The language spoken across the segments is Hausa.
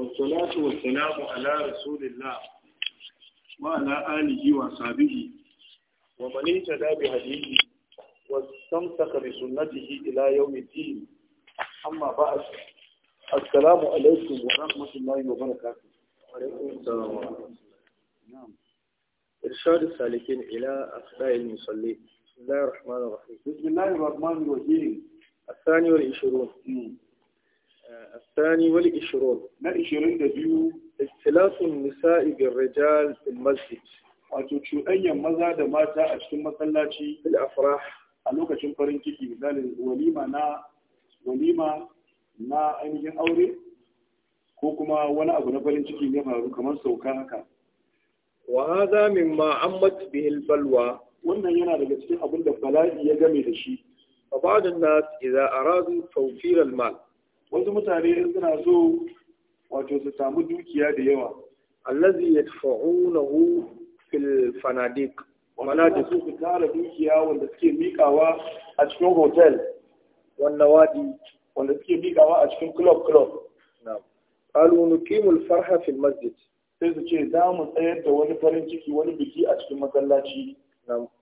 والصلاة والسلام على رسول الله وعلى آله وصحبه ومن اهتدى بهديه واستمسك بسنته إلى يوم الدين أما بعد السلام عليكم ورحمة الله وبركاته وعليكم السلام ورحمة الله إرشاد السالكين إلى أخطاء المصلين بسم الله الرحمن الرحيم بسم الله الرحمن الرحيم الثاني والعشرون الثاني والعشرون ما عشرين دبيو اختلاف النساء بالرجال في المسجد wato cuɗanyar maza da mata a cikin masallaci fil afrah a lokacin farin ciki misalin walima na walima na ainihin aure ko kuma wani abu na farin ciki ne faru kamar sauka haka wa hadha mimma ammat bihi Balwa? wannan yana daga cikin abin da bala'i ya game da shi fa ba'd an-nas idza aradu tawfir al-mal wasu mutane suna so wato su samu dukiya da yawa allazi yadfa'unahu fil fanadik mana da su su tara dukiya wanda suke mikawa a cikin hotel wanda wadi wanda suke mikawa a cikin club club qalu nuqimul farha fil masjid sai su ce za mu tsayar da wani farin ciki wani biki a cikin masallaci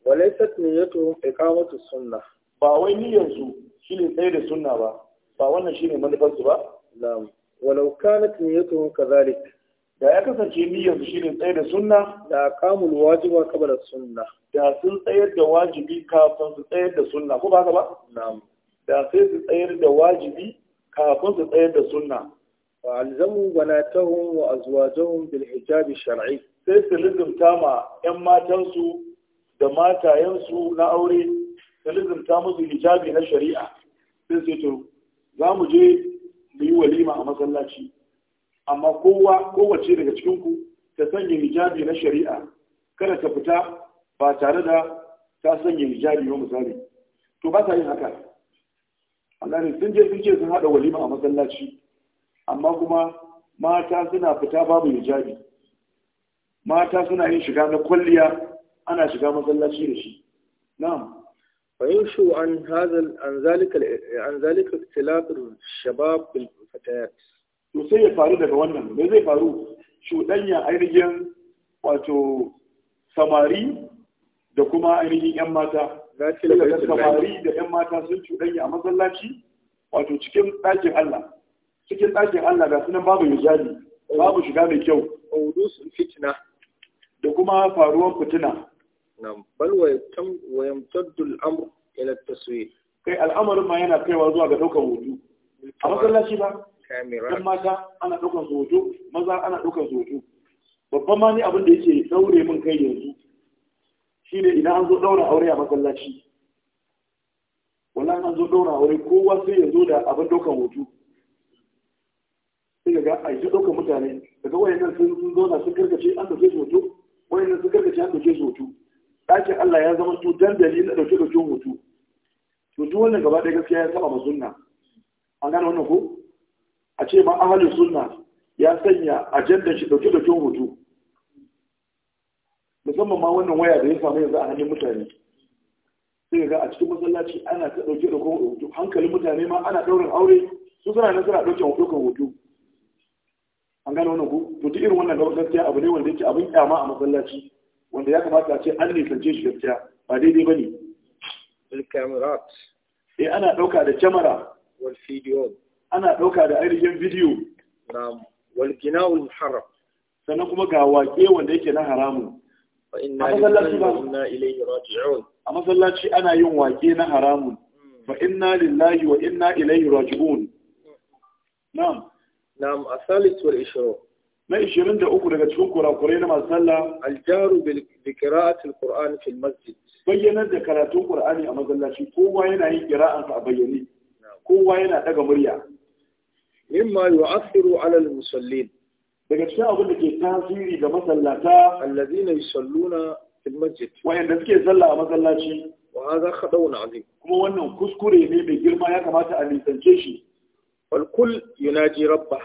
walaysat niyyatuhum iqamatu sunnah ba wai niyyar su shine tsaye da sunna ba ba wannan shi ne manufarsu ba na'am walau kanat ka kadhalik da ya kasance niyyar su shine tsaye da sunna da kamun wajiba qabla sunna da sun tsayar da wajibi kafin su tsayar da sunna ko ba haka ba na'am da sai su tsayar da wajibi kafin su tsayar da sunna wa alzamu banatahum wa azwajahum bil hijabi shar'i sai su lizumta ma yan matansu da matayensu na aure su lizumta musu hijabi na shari'a sai su za mu je mu yi walima a masallaci amma kowa kowace daga cikinku ta sanya hijabi na shari'a kada ta fita ba tare da ta sanya hijabi ba misali to ba ta yin haka Allah ne sun je sun ce sun hada walima a masallaci amma kuma mata suna fita babu hijabi mata suna yin shiga na kwalliya ana shiga masallaci da shi na'am فينشو عن هذا عن ذلك عن ذلك اختلاف الشباب بالفتيات to sai ya faru daga wannan me zai faru cuɗanya ainihin wato samari da kuma ainihin 'yan mata daga samari da 'yan mata sun cuɗanya a masallaci wato cikin ɗakin Allah cikin ɗakin Allah ga sunan babu hijabi babu shiga mai kyau fitna da kuma faruwar fitina نعم بل ويتم ويمتد كي ما kai al'amarin ma yana kaiwa zuwa ga daukar hoto a masallaci ba dan mata ana daukar hoto maza ana daukar hoto babban ma ni abin da yake daure min kai yanzu shine idan an zo daura aure a masallaci Wannan an zo daura aure kowa sai ya zo da abin daukar hoto sai ga a yi mutane daga wayannan sun zo sun karkace an su wayannan sun karkace an su ɗakin Allah ya zama su dandali na ɗauke ɗauke mutu. to duk wannan gaba ɗaya gaskiya ya saba ma sunna an gane wannan ko a ce ma ahalin sunna ya sanya ajandar shi ɗauke ɗauke mutu. musamman ma wannan waya da ya samu yanzu a hannun mutane sai ga a cikin masallaci ana ta ɗauke ɗauke mutu. hankalin mutane ma ana ɗaurin aure su suna nan suna ɗauke ɗaukan mutu. an gane wannan ko to duk irin wannan gaskiya abu ne wanda yake abin kyama a masallaci wanda ya kamata a ce an nisance shi gaskiya ba daidai ba ne bilkamirat E, eh, ana ɗauka da kyamara wal video ana ɗauka da ainihin bidiyo na'am wal gina'ul haram? sannan kuma ga waƙe wanda yake na haramun a masallaci ana yin waƙe na haramun hmm. fa lillahi wa inna ilaihi raji'un hmm. na'am na'am asalis wal ishru na 23 daga cikin kurakurai na masu sallah aljaru bil qira'atil qur'an fil da karatun qur'ani a masallaci kowa yana yin qira'ansa a bayyane kowa yana daga murya mimma yu'athiru 'ala al musallin daga cikin abin da ke tasiri ga masallata alladhina yusalluna fil masjid wayanda suke sallah a masallaci wa hadha khadawun azim kuma wannan kuskure ne mai girma ya kamata a nisance shi wal yana yunaji rabba.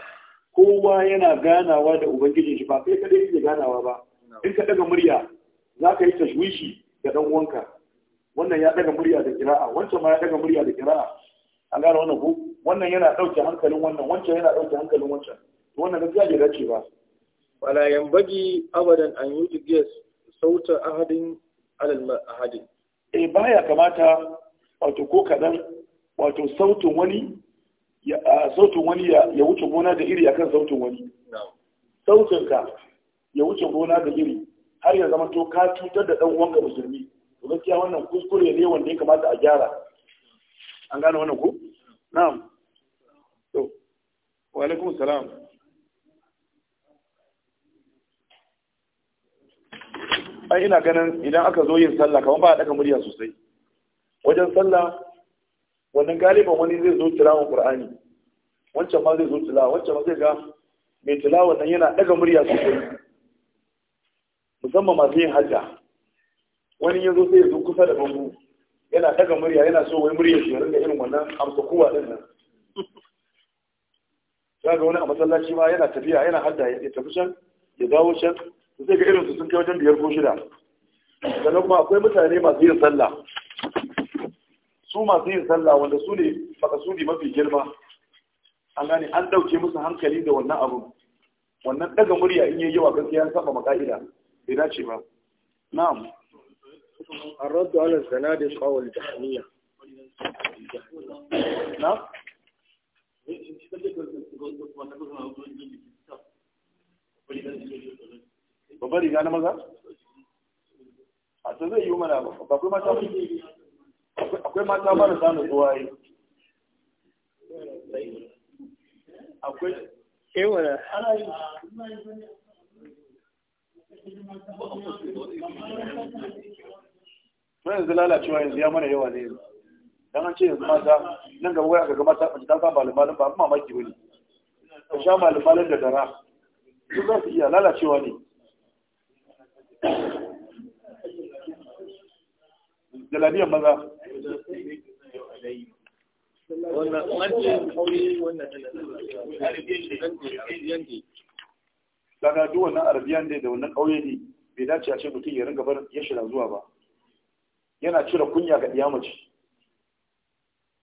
kowa yana ganawa da ubangijin shi ba kai kadai yake ganawa ba in ka daga murya za ka yi tashwishi ga dan uwanka wannan ya daga murya da kira'a wancan ma ya daga murya da kira'a an gane wannan ko wannan yana dauke hankalin wannan wancan yana dauke hankalin wancan wannan gaskiya bai dace ba wala yanbaghi abadan an yujiya sautar ahadin alal ahadin eh baya kamata wato ko kadan wato sautin wani sautin wani ya wuce gona da iri akan sautin wani sautinka ya wuce gona da iri har ya zama to ka cutar da ɗan ga musulmi to gaskiya wannan kuskure ne wanda ya kamata a gyara an gane wannan ku? na'am to wa alaikum salam ai ina ganin idan aka zo yin sallah kamar ba a daga murya sosai wajen sallah wannan galiban wani zai zo tilawa qur'ani wancan ma zai zo tilawa wancan ma zai ga mai tilawa nan yana daga murya sosai musamman masu yin hajja wani yanzu sai ya zo kusa da bango, yana daga murya yana so wai murya shi ya ringa irin wannan amsa kowa din nan ya ga wani a masallaci ma yana tafiya yana hajja ya tafi can ya dawo can zai ga irin su sun kai wajen biyar ko shida sannan kuma akwai mutane masu yin sallah su masu yin sallah wanda su ne makasudi mafi girma an gane an dauke musu hankali da wannan abu wannan daga murya in yi yawa gaskiya ya saba maka'ida bai dace ba na'am ala على الزنادقة والجهمية na babbar riga na maza a ta zai yi mana ba kuma ta akwai mata marasa nutsuwa yi akwai ewara eh ana yi wani yanzu lalacewa yanzu ya mana yawa ne yanzu don an ce yanzu mata nan gaba waya ga mata mace ta sa malamalin ba mamaki wani ta sha malamalin da dara duk za su iya lalacewa ne jalabiyan maza daga wannan kauri duk wannan arabiyan dai da wannan kauye ne bai dace a ce mutum ya ringa bar ya shira zuwa ba yana cire kunya ga iyamaci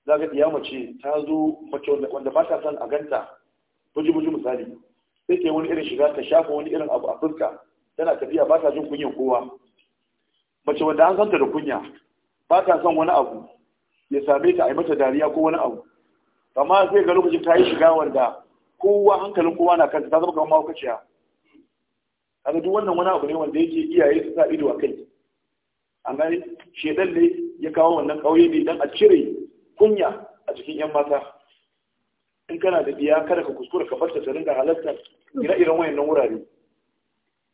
za ga iyamaci ta zo mace wanda ba ta son a ganta buji-buji misali sai ta yi wani irin shiga ta shafa wani irin abu a fuska tana tafiya ba ta jin kunyan kowa mace wanda an santa da kunya ba ta son wani abu ya same ta a yi mata dariya ko wani abu amma sai ga lokacin ta yi shiga wanda kowa hankalin kowa na kanta ta zama kamar mahaukaciya kaga duk wannan wani abu ne wanda yake iyaye su sa ido a kai an gani shedan ne ya kawo wannan kauye ne dan a cire kunya a cikin yan mata in kana da biya kada ka kuskura ka barta ta ringa halartar ire-iren wayannan wurare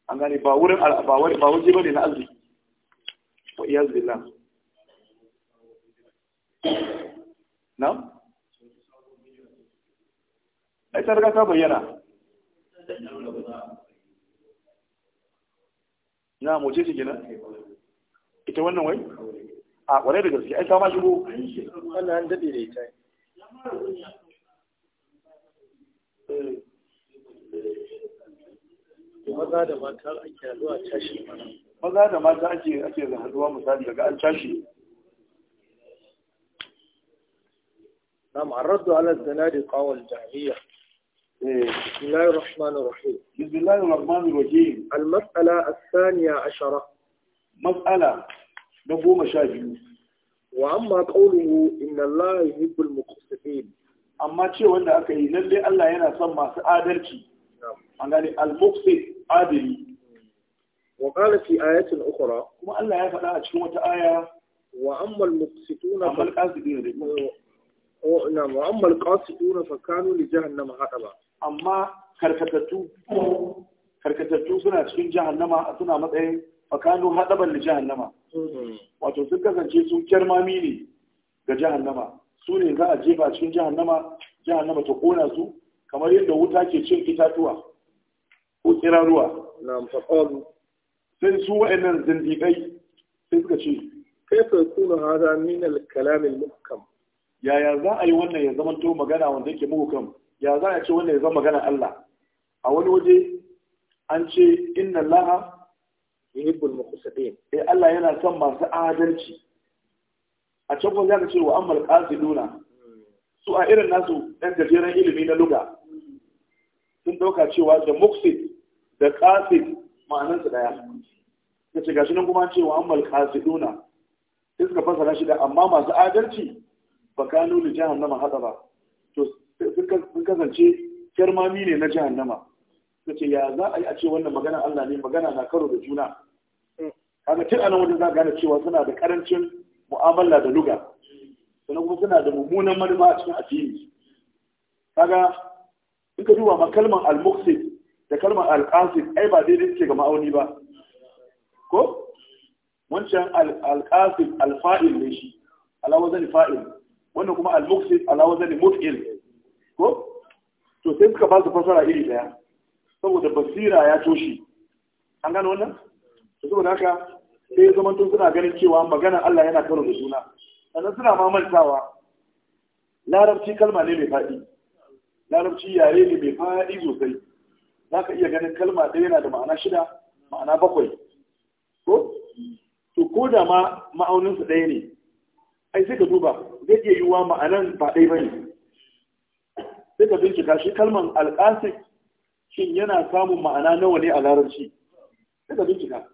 an gani ba wurin ba waje bane na arziki wa iyazu billah na? ai ta riga ta bayyana na moce ce gina ita wannan wai a kwarai da gaske ai ta ma shigo wannan an daɗe da ita maza da mata ake haduwa tashi maza da mata ake ake haduwa misali daga an tashi نعم الرد على الزنادقة والجهمية بسم الله الرحمن الرحيم بسم الله الرحمن الرحيم المسألة الثانية عشرة مسألة نقوم شاهدين وأما قوله إن الله يحب المقسطين أما شيء وأنا أكيد للي الله ينا سمى سعادلتي نعم يعني المقسط عادلي وقال في آية أخرى وما الله يفعل أشكوة آية وأما المقسطون أما القاسطين na mu'ammal qasiduna da kanu li haɗa ba. amma karkatattu suna cikin jahannama suna matsayin fa kanu hadaban li jahannama mm-hmm. wato sun kasance sun kyarmami ne ga jahannama su ne za a jefa cikin jahannama jahannama ta kona su kamar yadda wuta ke cin itatuwa ko tsiraruwa na faƙalu sai su wa'annan zindiƙai sai suka ce kai fa kuna hada min al kalamin al-muhkam yaya za a yi wannan ya zama to magana wanda yake kan ya za a ce wannan ya zama magana Allah a wani waje an ce inna laha yuhibbul muqsitin eh Allah yana son masu adalci a can kuma zaka ce wa amal qasiduna su a irin nasu ɗan gajeren ilimi na luga sun dauka cewa da muqsid da qasid ma'anar su daya kace gashi nan kuma an ce wa amal qasiduna sai suka fasara shi da amma masu adalci ba kanu da jahannama haɗa ba to sun kasance kyarmami ne na jahannama ta ce ya za a yi a ce wannan magana Allah ne magana na karo da juna hmm. kaga tun anan wajen za gane cewa suna da karancin mu'amala da luga sannan kuma suna da mummunan manufa a cikin addini kaga in ka duba ma kalmar al-muqsid da kalmar al-qasid ai ba daidai suke ga ma'auni ba ko wancan al-qasid al-fa'il ne shi ala wazan fa'il wannan kuma al-muqsid ala wazani mut'il ko to sai suka ba su fasara iri daya saboda basira ya toshi. an gano wannan to saboda haka sai zaman tun suna ganin cewa magana Allah yana karo da juna sannan suna mamantawa larabci kalma ne mai faɗi larabci yare ne mai faɗi sosai zaka iya ganin kalma ɗaya yana da ma'ana shida ma'ana bakwai ko to ko da ma ma'auninsu ɗaya ne ai sai ka duba zai iya yiwuwa ma'anan ba ɗai bane sai ka bincika shi kalman alƙasik shin yana samun ma'ana nawa ne a larabci sai ka bincika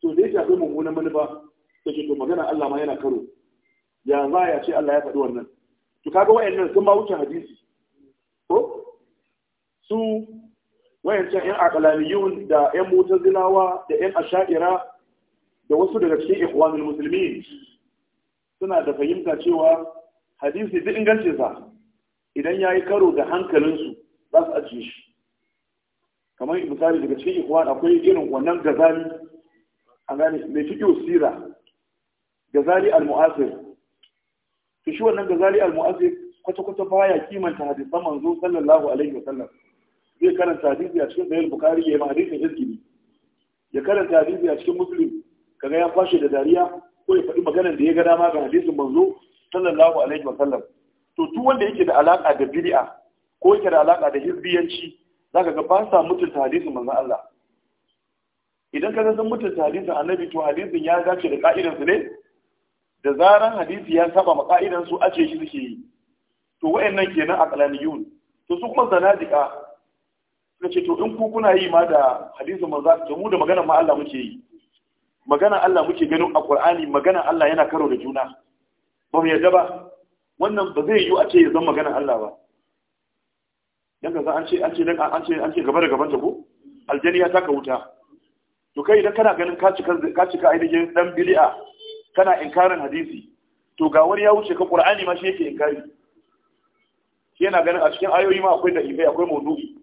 to zai shafi mummunan manufa da ke to magana Allah ma yana karo ya za ya ce Allah ya faɗi wannan to kaga wayannan sun ba wuce hadisi ko su wayancan yan aqlaniyun da yan mutazilawa da yan asha'ira da wasu daga cikin ikhwanul muslimin suna da fahimta cewa hadisi duk sa idan ya yi karo da hankalinsu za su ajiye shi kamar misali daga cikin ikwan akwai irin wannan gazali a gane mai fiƙi sira gazali al-mu'asir to shi wannan gazali al-mu'asir kwata-kwata baya kimanta hadisan manzo sallallahu alaihi wa sallam zai karanta hadisi a cikin sahih bukhari ya yi hadisin izgili ya karanta hadisi a cikin muslim kaga ya kwashe da dariya ko ya faɗi maganar da ya ga dama ga hadisin manzo sallallahu alaihi wa sallam to tu wanda yake da alaka da bid'a ko yake da alaka da hizbiyanci zaka ga ba sa mutunta hadisin manzo Allah idan ka san mutunta hadisin annabi to hadisin ya dace da ka'idar su ne da zaran hadisi ya saba ma ka'idar su ace shi suke yi to wayannan kenan aqlaniyun to su kuma zanadika ce to in ku kuna yi ma da hadisin manzo to mu da maganar ma Allah muke yi magana Allah muke ganin a Qur'ani magana Allah yana karo da juna ba mu yarda ba wannan ba zai yiwu a ce ya zama magana Allah ba dan ga an ce an ce an ce an ce gaba da gaban ta ko aljaniya ta ka wuta to kai idan kana ganin ka cika ka cika ainihin dan bid'a kana inkarin hadisi to ga wani ya wuce ka Qur'ani ma shi yake inkari shi yana ganin a cikin ayoyi ma akwai da ibai akwai maudu'i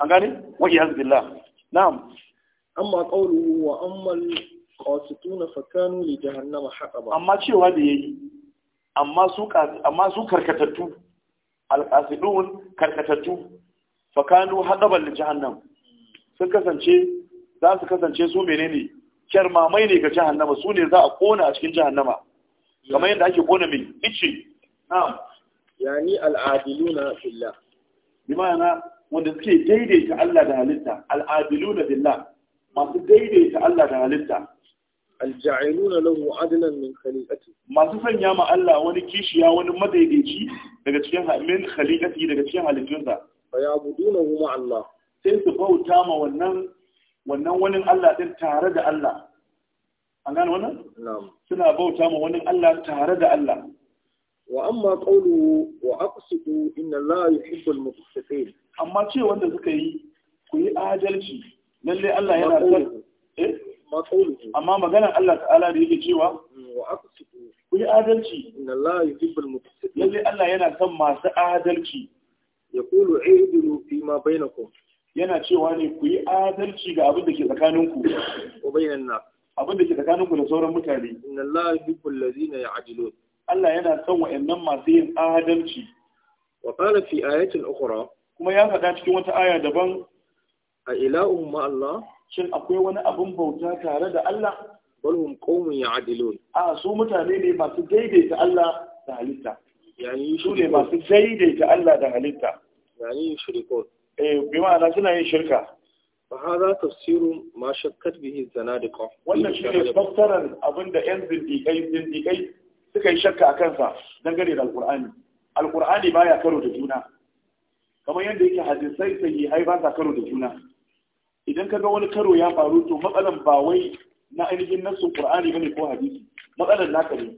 an gane wa iyaz billah na'am amma qawluhu wa amma al-qasituna fa kanu li jahannama haqaba amma cewa da yayi amma su amma su karkatattu al-qasidun karkatattu fa kanu haqaban li jahannam sun kasance za su kasance su menene kyarmamai ne ga jahannama su ne za a kona a cikin jahannama kamar yadda ake kona mai ice na'am yani al'adiluna fillah bi ma'ana wanda suke daidaita Allah da halitta al'adiluna billah masu daidaita Allah da halitta alja'iluna lahu adlan min khaliqati masu sanya ma Allah wani kishiya wani madaidaici daga cikin min khaliqati daga cikin halittunsa fa ya'budunahu ma Allah sai su bauta ma wannan wannan wani Allah din tare da Allah an gane wannan na'am suna bauta ma wani Allah tare da Allah wa amma qawlu wa aqsitu inna Allah yuhibbul muqsitin amma ce wanda suka yi ku yi adalci lalle Allah yana son eh? amma maganar Allah ta'ala da yake cewa ku yi adalci lalle Allah yana son masu adalci ya kulu aidilu fi ma bainakum yana cewa ne ku yi adalci ga abin da ke tsakaninku ko bainan na abin da ke tsakaninku da sauran mutane inna Allah yuhibbul ladina ya'dilun Allah yana son wa'annan masu yin adalci wa qala fi ayatin ukhra kuma ya faɗa cikin wata aya daban a ila umma Allah shin akwai wani abin bauta tare da Allah bal qawmun ya'dilun a su mutane ne masu daidaita Allah da halitta yani su ne masu daidaita Allah da halitta yani shirkon eh bi ma'ana suna yin shirka fa hada tafsiru ma shakkat bihi zanadiqa wannan shine fassarar abinda yan zindikai zindikai suka yi shakka kansa sa dangane da alqur'ani alqur'ani baya karo da juna kamar yadda yake hadisai sai hai ba sa karo da juna idan ka ga wani karo ya faru to matsalan ba wai na ainihin Kur'ani qur'ani bane ko hadisi matsalan naka ne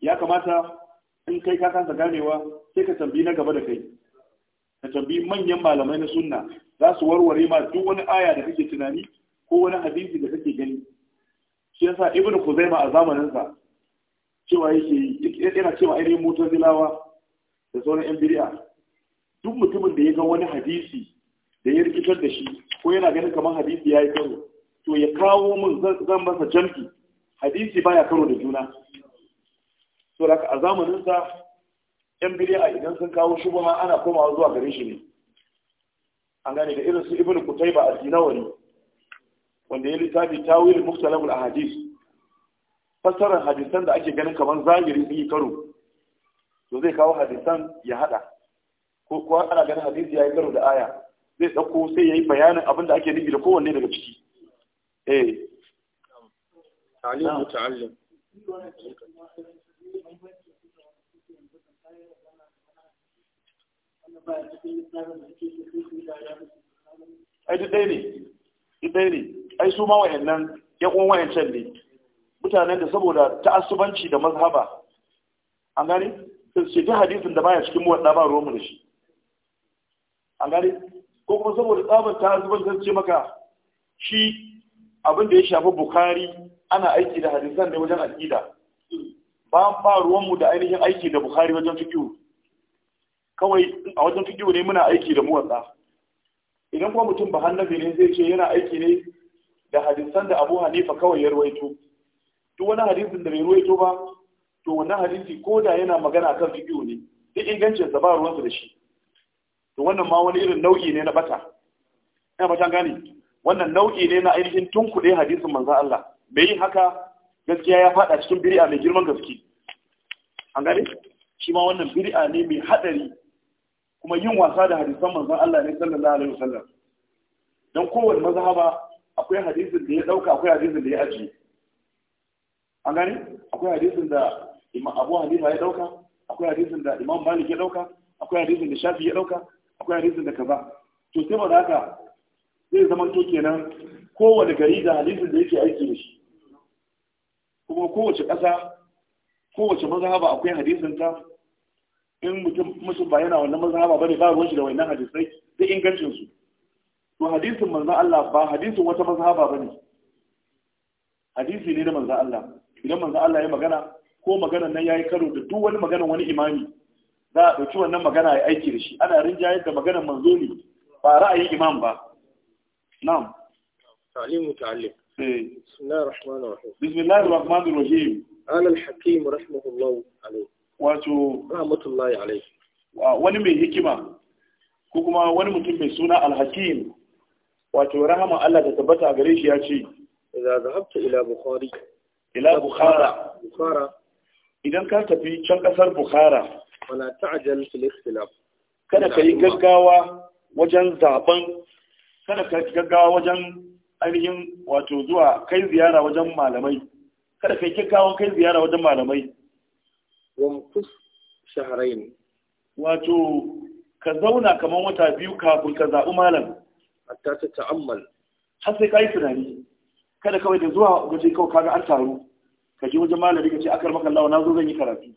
ya kamata in kai ka kasa ganewa sai ka tambayi na gaba da kai ka tambayi manyan malamai na sunna za su warware ma duk wani aya da kake tunani ko wani hadisi da kake gani shi yasa ibnu kuzaima a zamanin sa cewa yake yana cewa ainihin motar mutazilawa da sauran yan bid'a duk mutumin da ya ga wani hadisi da ya rikitar da shi ko yana ganin kamar hadisi ya yi karo to ya kawo min zan masa jamfi hadisi baya karo da juna to da a zamanin sa yan a idan sun kawo shubha ana komawa zuwa gare shi ne an gane da irin su ibnu kutayba al-dinawari wanda ya littafi tawil al ahadith fassarar hadisan da ake ganin kamar zahiri sun yi karo to zai kawo hadisan ya hada ko kuwa ana ganin hadisi ya yi karo da aya zai ɗauko sai ya yi bayanin abin da ake nufi da kowanne daga ciki eh ai duk ɗaya ne duk ɗaya ne ai su ma nan, ya kuma can ne mutanen da saboda ta'assubanci da mazhaba an gani, sai su ce ta hadisun da baya cikin muwadda ba ruwanmu da shi an gani. ko kuma saboda tsabar ta zuban zan ce maka shi abin da ya shafi Bukhari ana aiki da hadisan ne wajen aqida ba ba ruwanmu da ainihin aiki da Bukhari wajen fiki kawai a wajen fiki ne muna aiki da muwatsa idan kuma mutum ba hannabi ne zai ce yana aiki ne da hadisan da Abu Hanifa kawai ya ruwaito duk wani hadisin da bai ruwaito ba to wannan hadisi ko da yana magana kan fiki ne duk ingancin sa ba ruwansa da shi to wannan ma wani irin nau'i ne na bata ina ba gani wannan nau'i ne na ainihin tunkuɗe hadisin manzon Allah bai yi haka gaskiya ya fada cikin biri'a mai girman gaske an gani, shi ma wannan biri'a ne mai hadari kuma yin wasa da hadisan manzon Allah ne sallallahu alaihi wasallam dan kowanne mazhaba akwai hadisin da ya dauka akwai hadisin da ya ajiye an gani, akwai hadisin da Abu Hanifa ya dauka akwai hadisin da Imam Malik ya dauka akwai hadisin da Shafi ya dauka akwai hadisin da ka ba. to sai ba haka zai zama to kenan kowane gari da hadisin da yake aiki da shi kuma kowace ƙasa kowace mazhaba akwai hadisin ta in mutum musu ba yana wannan mazhaba bane ba ruwan shi da wannan hadisai da ingancin su to hadisin manzo Allah ba hadisin wata mazhaba bane hadisi ne na manzo Allah idan manzo Allah ya magana ko maganar nan yayi karo da duk wani maganar wani imami za a dauki wannan magana ya aiki ana rinjayar da maganar manzo ne ba ra'ayin imam ba na'am ta'limu ta'allim bismillahir rahmanir rahim alal hakim rahmatullahi alayhi الرحيم قال الحكيم رحمه wani mai hikima ko kuma wani mutum mai suna alhakim wato rahama Allah ta tabbata gare shi ya ce idza zahabta ila bukhari ila bukhara bukhara idan ka tafi can kasar bukhara wala ta'jal fil ikhtilaf kada ka yi gaggawa wajen zaben kada ka gaggawa wajen ainihin wato zuwa kai ziyara wajen malamai kada ka yi gaggawa kai ziyara wajen malamai wamkus shaharain wato ka zauna kamar wata biyu kafin ka zaɓi malam hatta ta ta'ammal har sai ka yi tunani kada kawai da zuwa waje kawai kaga an taru ka je wajen malami ka ce akar maka lawa na zo zan yi karatu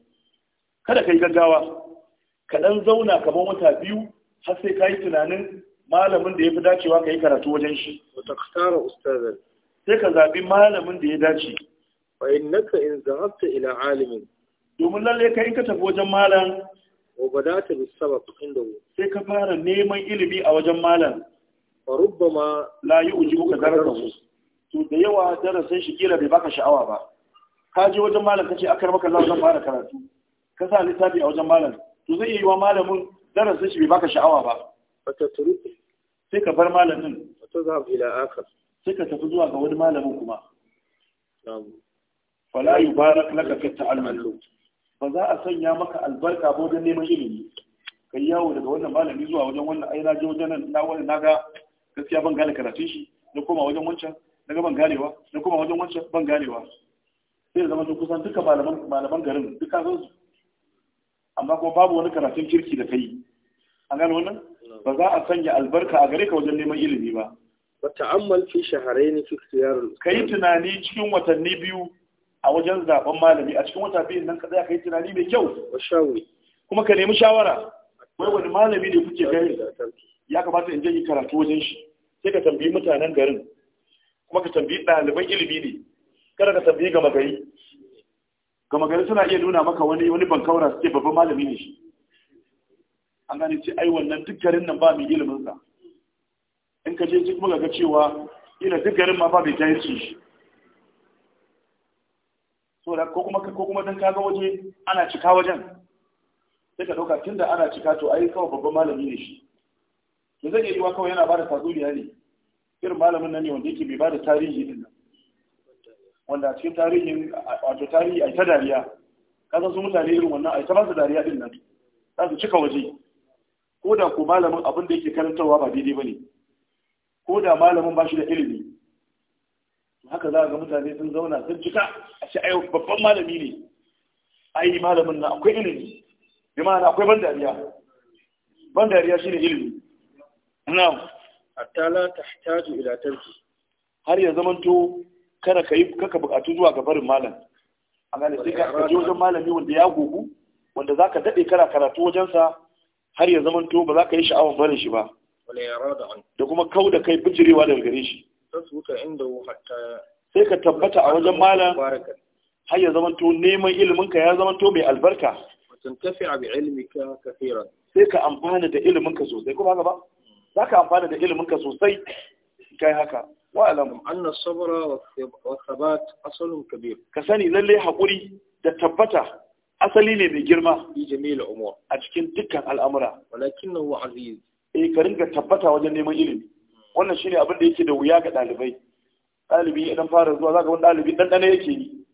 kada ka yi gaggawa ka ɗan zauna kamar wata biyu har sai ka yi tunanin malamin da ya fi dacewa ka yi karatu wajen shi wata kasara ustazan sai ka zaɓi malamin da ya dace fa innaka in zahabta ila alimin domin lalle ka in ka tafi wajen malam wa bisa ba sabab inda sai ka fara neman ilimi a wajen malam fa rubbama la yu'jibuka su. to da yawa darasin shi kila bai baka sha'awa ba ka je wajen malam kace akar maka Allah zan fara karatu ka sa littafi a wajen malam to zai yi wa malamin darasin shi bai baka sha'awa ba Wata turuku sai ka bar malamin Wata za ila aka. sai ka tafi zuwa ga wani malamin kuma fala na kanaka fi ta'allum ba za a sanya maka albarka ba wajen neman ilimi kai yawo daga wannan malami zuwa wajen wannan ai na je wajen nan na wani naga gaskiya ban gane karatun shi na koma wajen wancan ga ban ganewa na koma wajen wancan ban ganewa sai da zama kusan duka malaman garin duka zan su amma kuma babu wani karatun kirki da kai an gano wannan ba za a sanya albarka a gare ka wajen neman ilimi ba wa ta'ammal fi fi ikhtiyar kai tunani cikin watanni biyu a wajen zaben malami a cikin wata biyu nan ka tsaya kai tunani mai kyau wa kuma ka nemi shawara wai wani malami ne kuke gani ya kamata in je yi karatu wajen shi sai ka tambayi mutanen garin kuma ka tambayi ɗaliban ilimi ne kada ka tambayi gama gari gama gari suna iya nuna maka wani wani bankaura suke babban malami ne shi an gani ce ai wannan duk garin nan ba mai ilimin sa in ka je kuma ga cewa ila duk garin ma ba mai jahilci shi so da ko kuma ko kuma dan ga waje ana cika wajen sai ka dauka tunda ana cika to ai kawai babban malami ne shi to zai iya wa kawai yana bada tatsuniya ne irin malamin nan ne wanda yake bai da tarihi din wanda cikin tarihin wato tarihi ai ta dariya san su mutane irin wannan ai ta ba su dariya din nan za su cika waje ko da ko malamin abin da yake karantarwa ba daidai bane ko da malamin ba shi da ilimi haka za ga mutane sun zauna sun cika a ce ai babban malami ne ai malamin na akwai ilimi bi ma'ana akwai ban dariya ban dariya shine ilimi na'am atala tahtaju ila tarki har ya zamanto kada ka yi kaka bukatu zuwa ga barin malam amma gane sai ka je wajen malami wanda ya gugu, wanda za ka kana karatu wajensa har ya zama to ba za ka yi sha'awar barin shi ba da kuma kau da kai bijirewa daga gare shi sai ka tabbata a wajen malam har ya zama to neman ka ya zama to mai albarka sai ka amfana da ka sosai kuma haka ba hmm. za ka amfana da ka sosai kai haka wa'alamu anna sabara wa thabat asalun kabir ka sani lalle hakuri da tabbata asali ne mai girma yi jami'il umur a cikin dukkan al'amura walakinahu aziz eh ka ringa tabbata wajen neman ilimi wannan shine abin da yake da wuya ga dalibai dalibi idan fara zuwa zaka wani dalibi dan dana yake yi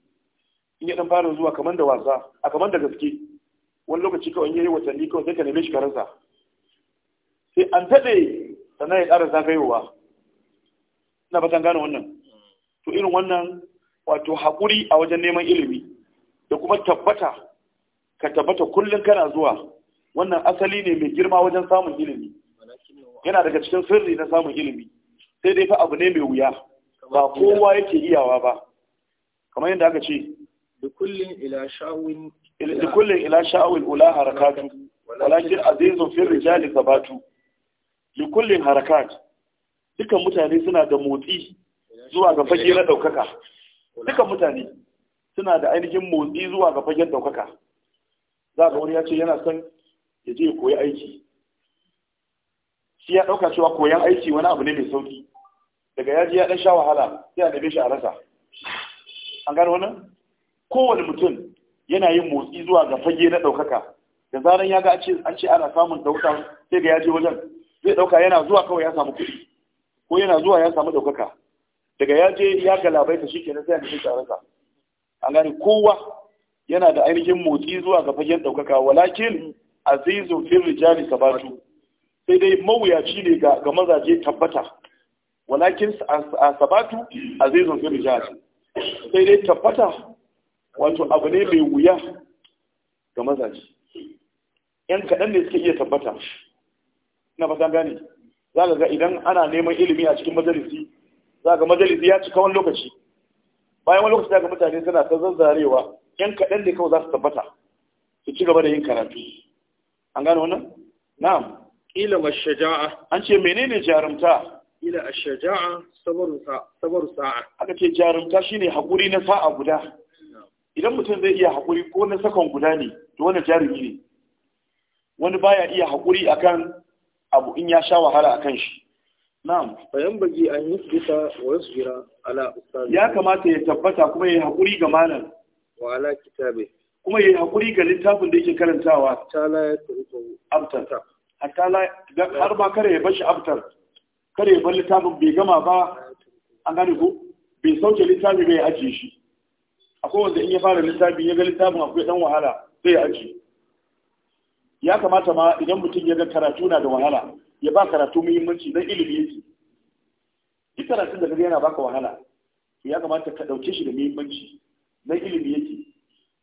in ya dan fara zuwa kaman da wasa a kaman da gaske wani lokaci kawai yayi watanni kawai sai ka neme shi ka rasa sai an tade sannan ya ƙara zagayowa na ba gane wannan to irin wannan wato haƙuri a wajen neman ilimi da kuma tabbata ka tabbata kullum kana zuwa wannan asali ne mai girma wajen samun ilimi yana daga cikin sirri na samun ilimi sai dai fa abu ne mai wuya ba kowa yake iyawa ba kamar yadda aka ce da kullum ila sha'awin ula harakatu walakin azizun fil rijali sabatu da kullum harakatu dukan mutane suna da motsi zuwa ga fage na ɗaukaka dukan mutane suna da ainihin motsi zuwa ga fagen ɗaukaka za ga wani ya ce yana son ya je ya koyi aiki shi ya ɗauka cewa koyan aiki wani abu ne mai sauki daga ya ji ya ɗan sha wahala sai a neme shi a rasa an gano wannan kowane mutum yana yin motsi zuwa ga fage na ɗaukaka da zaran ya ga an ce ana samun ɗauka sai ga ya je wajen zai ɗauka yana zuwa kawai ya samu kuɗi ko yana zuwa ya samu ɗaukaka daga ya je ya ta shi kenan sai ya nufi tsaransa an gani kowa yana da ainihin motsi zuwa ga fagen ɗaukaka walakin azizun fil rijali sabatu sai dai mawuyaci ne ga mazaje tabbata walakin a sabatu azizun fil rijali sai dai tabbata wato abu ne mai wuya ga mazaje yan kaɗan ne suke iya tabbata ina fatan gane za ga idan ana neman ilimi a cikin majalisi za ga majalisi ya cika wani lokaci bayan wani lokaci za ga mutane suna ta zazzarewa yan kaɗan ne kawai za su tabbata su ci gaba da yin karatu an gano wannan na'am ila wa shaja'a an ce menene jarumta ila ash-shaja'a sabaru sabaru sa'a aka ce jarumta shine hakuri na sa'a guda idan mutum zai iya hakuri ko na sakon guda ne to wannan jarumi ne wani baya iya hakuri akan abu in ya sha wahala a kan shi na'am bayan baji an yi bisa wa jira ala ustazi ya kamata ya tabbata kuma ya yi haƙuri ga malam wa ala kitabe kuma ya yi haƙuri ga littafin da yake karantawa ta la ya tafi abtar hatta la har ba kare ya bar shi abtar kare ya bar littafin bai gama ba an gane ko bai sauke littafin bai ajiye shi akwai wanda in ya fara littafin ya ga littafin akwai dan wahala sai ya ajiye ya kamata ma idan mutum ya ga karatu na da wahala ya ba karatu muhimmanci don ilimi yake duk karatun da kaga yana baka wahala ya kamata ka ɗauke shi da muhimmanci don ilimi yake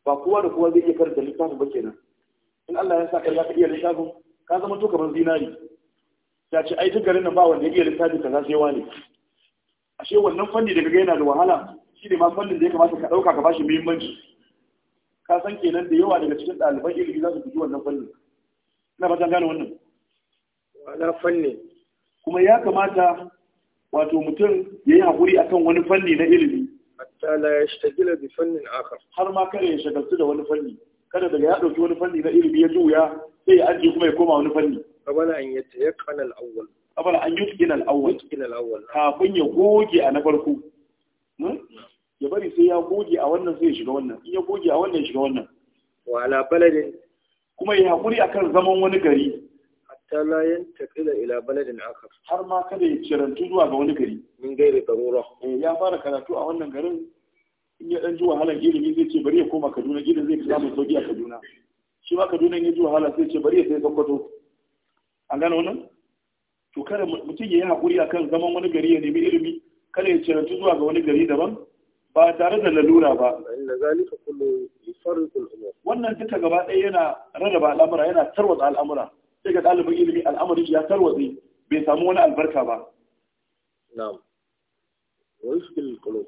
ba kowa da kowa zai iya karanta littafin ba kenan in Allah ya sa kai za ka iya littafin ka zama to kamar zinari ya ce ai duk garin nan ba wanda ya iya littafin ka kaza sai wani ashe wannan fanni da kaga yana da wahala shi ne ma fannin da ya kamata ka ɗauka ka bashi muhimmanci ka san kenan da yawa daga cikin ɗaliban ilimi za su guji wannan fannin na ba gane wannan wala fanni kuma ya kamata wato mutum ya yi haƙuri akan wani fanni na ilimi hatta la yashtagila bi fannin akhar har ma kada ya shagaltu da wani fanni kada daga ya ɗauki wani fanni na ilimi ya juya sai ya ajiye kuma ya koma wani fanni qabala an yi ya kana awwal qabala an yi ta awwal yutqina kafin ya goge a na farko hmm? ya bari sai ya goge a wannan sai ya shiga wannan in ya goge a wannan ya shiga wannan wa ala baladin kuma ya haƙuri akan zaman wani gari hatta la yantaqila ila baladin akhar har ma kada ya cirantu zuwa ga wani gari min gairi darura eh, ya fara karatu a wannan garin in ya ɗan ji wahalar ilimi zai ce bari ya koma Kaduna gidan zai samun sauki a Kaduna shi ma Kaduna ya ji wahala sai ce bari ya sai Sokoto an gano wannan to kada mutum ya yi haƙuri akan zaman wani gari ya nemi ilimi kada ya cirantu zuwa ga wani gari daban ba tare da lalura ba zalika kullu al-umur wannan duka gaba ɗaya yana rarraba al'amura yana tarwatsa al'amura sai ga ɗalibin ilimi al'amari ya tarwatse bai samu wani albarka ba na'am wa qulub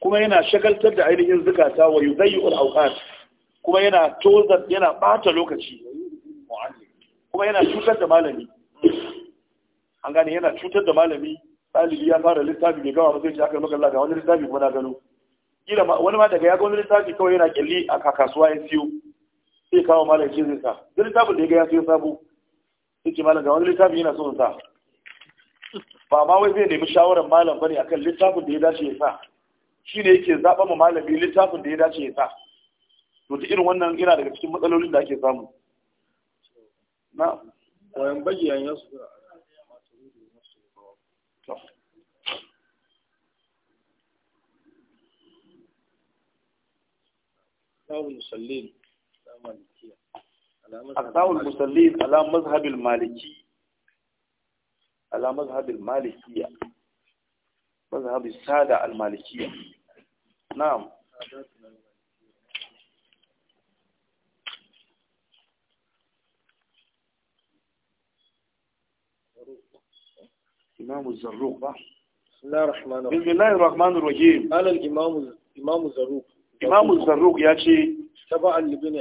kuma yana shagaltar da ainihin zukata wa yudayyi'u al-awqat kuma yana tozar yana bata lokaci kuma yana cutar da malami an gane yana cutar da malami ɗalibi ya fara littafi bai gama ba zai ci aka maka ga wani littafi kuma na gano kila wani ma daga ya ga wani littafi kawai yana kyalli a kasuwa ya siyo sai kawo malam shi zai sa duk littafin da ya ga ya siyo sabo sai ce malam ga wani littafi yana so sa ba ma wai zai nemi shawarar malam bane akan littafin da ya dace ya sa Shi ne yake zaɓa ma malami littafin da ya dace ya sa to ta irin wannan yana daga cikin matsalolin da ake samu na bayan bayyana su أقطاع المصلين المصلين على مذهب المالكي على مذهب المالكية مذهب السادة المالكية نعم إمام الزروق نعم. بسم الله الرحمن الرحيم بسم الله الرحمن الرحيم قال الإمام الإمام الزروق imamu zarruq ya ce taba'an libni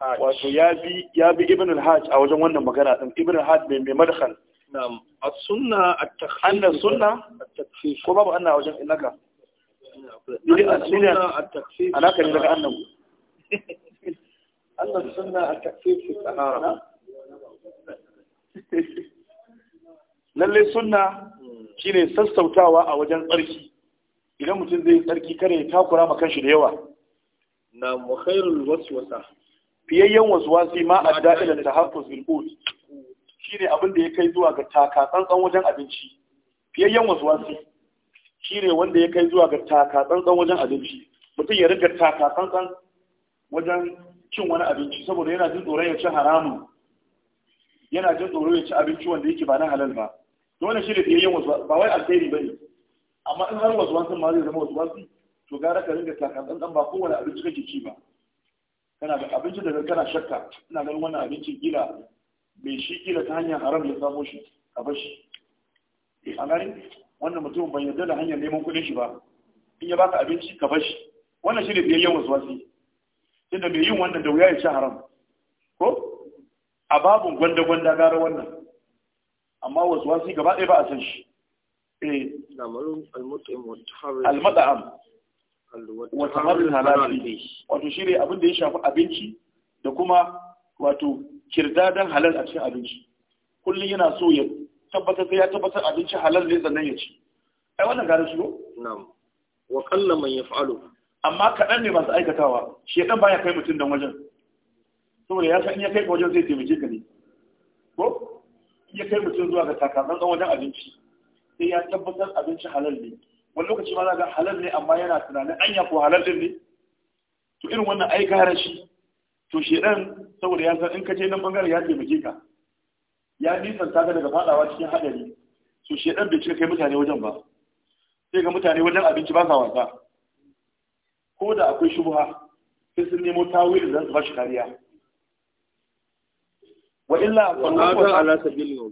wato ya bi ya bi ibn al-hajj a wajen wannan magana din ibn al-hajj mai mai madkhal na'am as-sunna at-takhfif anna sunna at-takhfif ko babu annahu wajen innaka ni as-sunna at-takhfif alaka ne daga annan anna sunna at-takhfif fi sahara lalle sunna hmm. shine sassautawa a wajen tsarki idan mutum zai tsarki kare ya takura ma kanshi da yawa na mukhairul waswasa fiyayyen waswasi ma adda ila tahaffuz bil qut shine abin da ya kai zuwa ga taka tsantsan wajen abinci fiyayyen waswasi shine wanda ya kai zuwa ga taka tsantsan wajen abinci mutum ya riga taka tsantsan wajen cin wani abinci saboda yana jin tsoron ya ci haramun yana jin tsoron ya ci abinci wanda yake ba na halal ba dole shi da fiyayyen waswasi ba wai alkhairi bane amma in har wasu wasu ma zai zama wasu wasu to gara ka ringa takan dan ba kowane abinci kake ci ba kana da abinci daga kana shakka ina ganin wannan abincin kila mai shi kila ta hanyar haram ya samo shi a bar shi eh, a gani wannan mutum ban yarda da hanyar neman kuɗin shi ba in ya baka abinci ka bar shi wannan shi ne biyayyen wasu wasu tunda mai yin wannan da wuya ya ci haram ko a babun gwanda-gwanda gara wannan amma wasu wasu gaba ɗaya ba a san shi lamarin almut'im al-mad'am wata harin halali wato shi ne abin da ya shafi abinci da kuma wato kirdadan halal a cikin abinci kullum yana so ya tabbatar sai ya tabbatar abinci halal ne sannan ya ci ai wannan gare shi ko na'am wa qalla man yaf'alu amma kaɗan ne masu aikatawa shi ya baya kai mutum dan wajen saboda ya san in ya kai ka wajen zai taimake ka ne ko in ya kai mutum zuwa ga takasan dan wajen abinci sai ya tabbatar abinci halal ne wani lokaci ma za ga halal ne amma yana tunanin anya ko halal din ne to irin wannan ai gara shi to shedan saboda ya san in ka je nan bangare ya taimake ka ya nisanta ta daga fadawa cikin hadari to shedan bai cika kai mutane wajen ba sai ga mutane wajen abinci ba sa wasa ko da akwai shubha sai sun nemo tawil da su ba shi kariya wa illa fa ala sabilil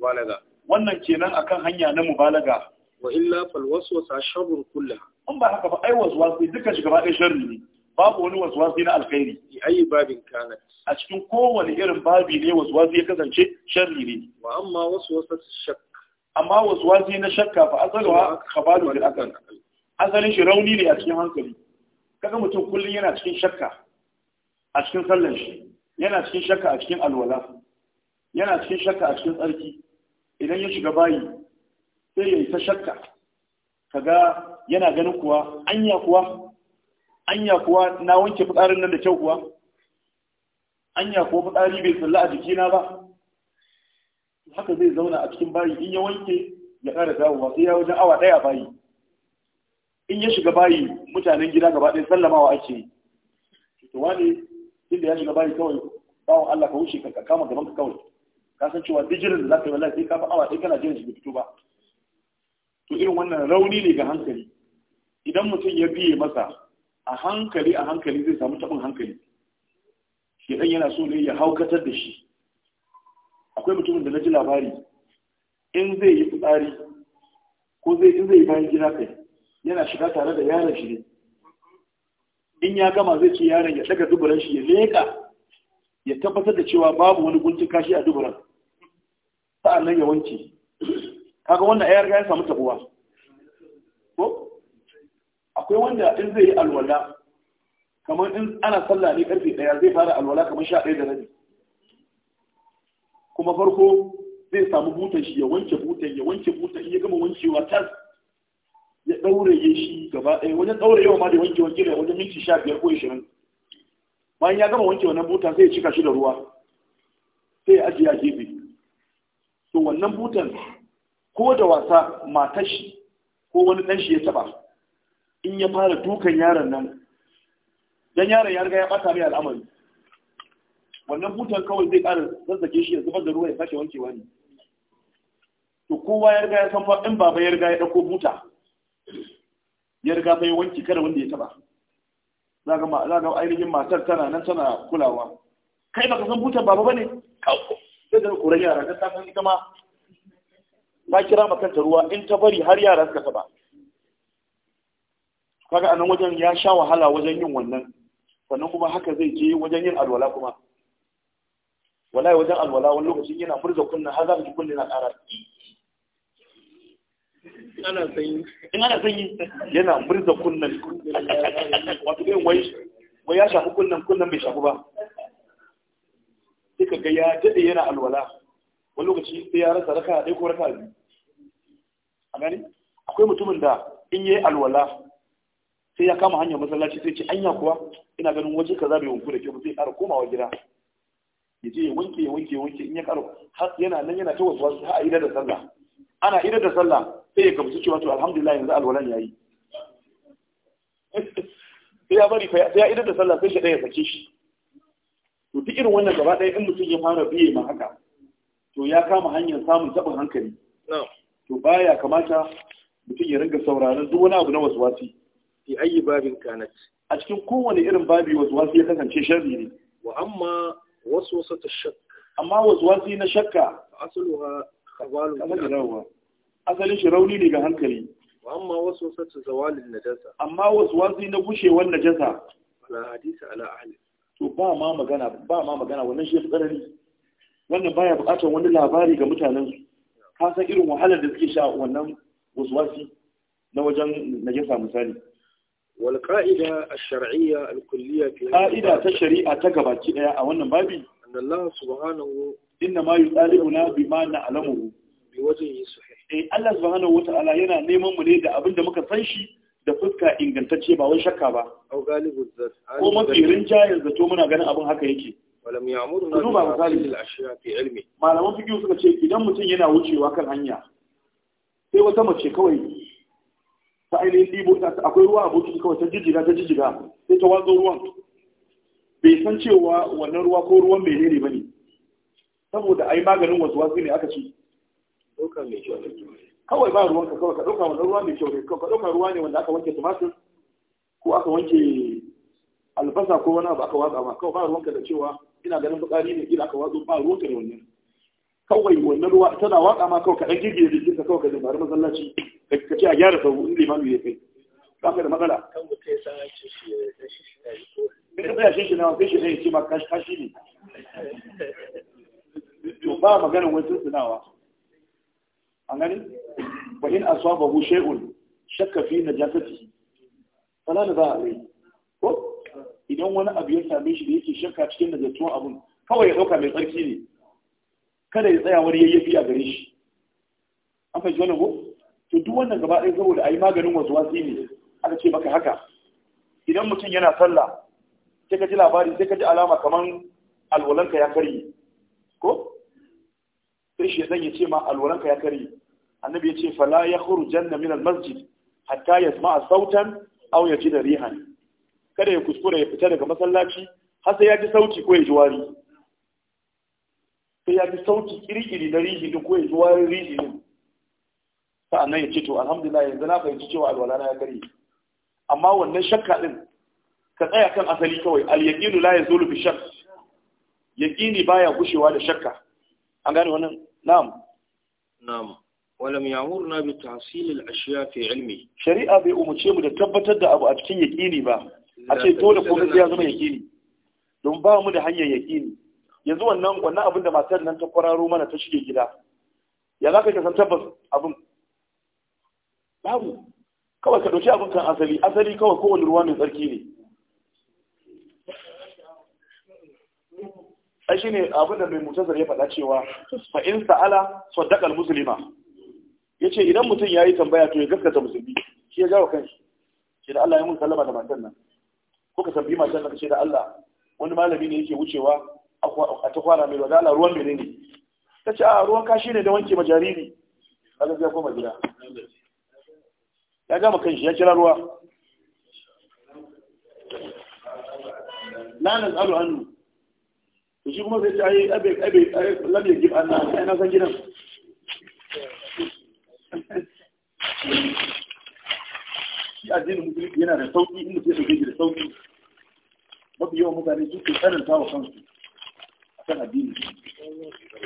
wannan kenan akan hanya na mubalaga wa illa fal waswasa sharrun kulla. in ba haka ba ai waswasi dukkan shi gaba ɗaya sharri ne babu wani waswasi na alkhairi bi ayi babin kanat a cikin kowane irin babi ne waswasi ya kasance sharri ne wa amma waswasa shakk amma waswasi na shakka fa asalwa khabalu bil akal asalin shi rauni ne a cikin hankali kaga mutum kullum yana cikin shakka a cikin sallan shi yana cikin shakka a cikin alwala yana cikin shakka a cikin tsarki idan ya shiga bayi sai ya yi ta shakka kaga yana ganin kuwa anya kuwa anya kuwa na wanke fitsarin nan da kyau kuwa anya kuwa fitsari bai tsalla a jikina ba haka zai zauna a cikin bayi in ya wanke ya ƙara dawowa sai ya wajen awa ɗaya bayi in ya shiga bayi mutanen gida gaba ɗaya sallamawa ake yi to wane inda ya shiga bayi kawai bawon Allah ka wuce ka kama gaban ka kawai ka san cewa dijirin da za ka yi wallahi sai ka fi awa ɗaya kana jiran shi da fito ba to irin wannan rauni ne ga hankali idan mutum ya biye masa a hankali a hankali zai samu taɓin hankali shi dan yana so ne ya haukatar da shi akwai mutumin da na ji labari in zai yi fitsari ko zai in zai yi bayan gida kai yana shiga tare da yaron shi ne in ya gama zai ce yaron ya daga duburan shi ya leƙa ya tabbatar da cewa babu wani guntun kashi a duburan sa'an nan ya wanke kaga wannan ya riga ya samu tabuwa ko akwai wanda in zai yi alwala kamar in ana sallah ne karfe daya zai fara alwala kamar sha ɗaya da rabi kuma farko zai samu butan shi ya wanke butan ya wanke butan ya gama wancewa tas ya ɗauraye shi gaba ɗaya wajen ɗaure yawa ma da wanke wanke da wajen minti sha biyar ko ishirin bayan ya gama wanke wannan butan sai ya cika shi da ruwa sai ya ajiye a gefe to wannan butan ko da wasa matashi ko wani ɗan shi ya taba in ya fara dukan yaron nan dan yaron ya riga ya ɓata mai al'amari wannan butan kawai zai ƙara zazzage shi ya zubar da ruwa ya sake wankewa ne to kowa ya riga ya san fa in baba ya riga ya dauko buta ya riga bai wanki kada wanda ya taba za ga ainihin matar tana nan tana kulawa kai baka san butan baba bane sai da koran yara ta san ita ma ta kira makanta ruwa in ta bari har yara suka taba kaga anan wajen ya sha wahala wajen yin wannan sannan kuma haka zai je wajen yin alwala kuma wallahi wajen alwala wani lokacin yana furza kunna har za ka ji kunna na ƙara ana sanyi in ana sanyi yana murza kunnan wato dai wai wai ya shafi kunnan kunnan bai shafi ba ga ya daɗe yana alwala wani lokaci sai ya rasa raka ɗaya ko raka biyu a gani akwai mutumin da in yi alwala sai ya kama hanyar masallaci sai ce anya kuwa ina ganin waje kaza bai wanku da ku!" sai ƙara komawa gida ya je ya wanke ya wanke ya wanke in ya ƙara yana nan yana ta wasu wasu a idar da sallah ana idar da sallah sai ya gamsu cewa to alhamdulillah yanzu alwalan ya yi sai ya bari sai ya idar da sallah sai shi ɗaya sake shi to duk irin wannan gaba ɗaya in mutum ya fara biye ma haka to ya kama hanyar samun taɓin hankali to baya kamata mutum ya ringa sauraron duk wani abu na waswasi fi ayi babin kanat a cikin kowane irin babi waswasi ya kasance sharri ne wa amma wasu ta amma waswasi na shakka asluha khabalu asalin shi rauni ne ga hankali wa amma ta zawalin najasa amma wasu na gushewar najasa ala hadisa ala ahli to ba ma magana ba ma magana wannan shi fi wannan baya buƙatar wani labari ga mutanen su ka san irin wahalar da suke sha wannan waswasi na wajen najasa misali wal qa'ida ash-shar'iyya al-kulliyya fi qa'ida ta shari'a ta gabaki daya a wannan babi Allah subhanahu inna ma bima na'lamuhu bi eh Allah subhanahu wa ta'ala yana neman mu ne da abin da muka san shi da fuska ingantacce ba wai shakka ba ko mafi jayar zato muna ganin abin haka yake ولم يعمرنا بمعاقل Malaman في suka ce idan mutum yana wucewa kan hanya sai wata mace kawai ta ainihin libo akwai ruwa a bokin kawai ta jijjiga ta jijjiga sai ta wazo ruwan bai san cewa wannan ruwa ko ruwan mai ba ne. saboda ai maganin wasu wasu ne aka ci kawai ba ruwanka kawai ka ɗauka ruwa mai kyau ne ka ɗauka ruwa ne wanda aka wanke tumatir ko aka wanke albasa ko wani abu aka watsa ma kawai ba ruwanka da cewa ina ganin bukari ne kila aka watsa ba ruwanka da wannan kawai wannan ruwa tana watsa ma kawai ka ɗan girgiye jikinka kawai ka dambari masallaci ka ce a gyara sabu in limami ya kai ba ka da matsala kan mutum ya shi ya shi shi ya yi ko ya shi shi na shi ne ya ce ma kashi ne to ba maganar wani sunsunawa an gani wa in asabahu shay'un shakka fi najasati fala da a ko idan wani abu ya same shi da yake shakka cikin najasuwan abun kawai ya dauka mai tsarki ne kada ya tsaya wani yayyafi a gare shi an fahimci wannan ko to duk wannan gaba ɗaya saboda a yi maganin wasu wasi ne aka ce baka haka idan mutum yana sallah sai ka ji labari sai ka ji alama kamar alwalanka ya karye ko sai shi ya ce ma alwaranka ya karye annabi ya ce fala ya janna min almasjid hatta yasma sautan aw yajida rihan kada ya kuskure ya fita daga masallaci har sai ya ji sauti ko ya ji wari sai ya ji sauti kirkiri na rihi da ko ya ji warin rihi din sa'annan ya ce to alhamdulillah yanzu na fahimci cewa alwalana na ya karye amma wannan shakka din ka tsaya kan asali kawai al-yaqinu la yazulu bi shakk yaqini baya gushewa da shakka an gane wannan na'am نعم ولم يعمرنا بتحصيل الاشياء في علمي شريعه بي shari'a bai umarce mu da tabbatar da abu a cikin yaqini ba a ce dole komai ya zama yakini don ba mu da hanyar yakini yanzu wannan wannan abin da matar nan ta kwararo mana ta shige gida ya zaka ka san tabbas abin babu kawai ka ɗauki abin kan asali asali kawai kowane ruwa mai tsarki ne ai ne abin da mai mutazar ya faɗa cewa fa in sa'ala saddaqa muslima yace idan mutum yayi tambaya to ya gaskata musulmi shi ya gawa kanshi shi da Allah ya mun sallama da matan nan ko ka sabbi matan nan ce da Allah wani malami ne yake wucewa a ta kwana mai wadala ruwan mene ne ta ce a ruwan kashi ne da wanke ma jariri a gaskiya koma gida ya gama kanshi ya kira ruwa la nasalu annu to shi kuma zai ce ai abe abe lamye yajib anna ai na san gidan shi addinin musulunci yana da sauki inda sai sauke shi da sauki mafi yawan mutane su ke tsananta wa kansu a kan addini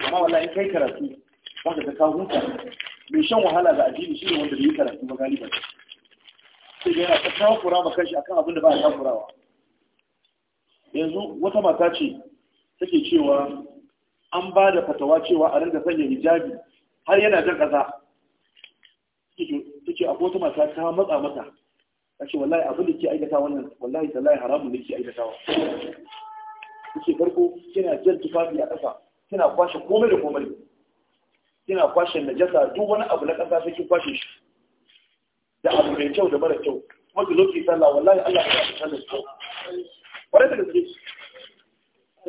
amma wala in kai karatu ba ka ga ka huta mai shan wahala ga addini shi ne wanda bai yi karatu ba galiba sai ga yana ta takura ma kanshi akan abin da ba a takurawa yanzu wata mata ce take cewa an ba da fatawa cewa a rinka sanya hijabi har yana jan ƙasa take a kotu mata ta matsa mata ta ce wallahi abin da ke aikata wannan wallahi tallahi haramun da ke aikatawa take farko kina jan tufafi a ƙasa kina kwashe komai da komai kina kwashe najasa duk wani abu na ƙasa sai kin kwashe shi da abu mai kyau da mara kyau kuma ki zo ki sallah wallahi Allah ya sa ki sallah kwarai da gaske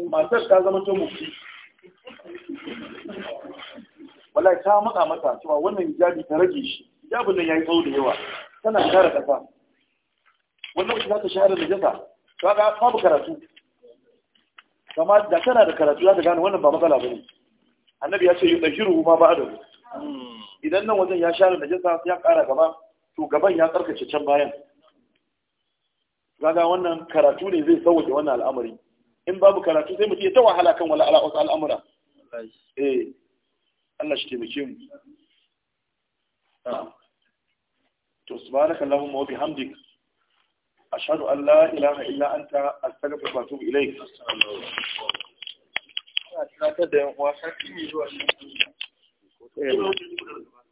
matar ta zama to mutu wallahi ta matsa mata cewa wannan hijabi ta rage shi hijabin nan yayi tsawo da yawa tana share kasa wannan wacce za ta share da jasa to ga babu karatu Kamar da kana da karatu za ta gane wannan ba matsala bane annabi ya ce yi ɗahiru ma ba adabu idan nan wajen ya share da jasa ya ƙara gaba to gaban ya tsarkace can bayan kaga wannan karatu ne zai sauke wannan al'amari in babu karatu sai mu iya ta wahala kan wala ala wasu al'amura eh Allah shi taimake mu to subhanaka allahumma wa bihamdik ashhadu an la ilaha illa anta astaghfiruka wa atubu ilayk assalamu alaikum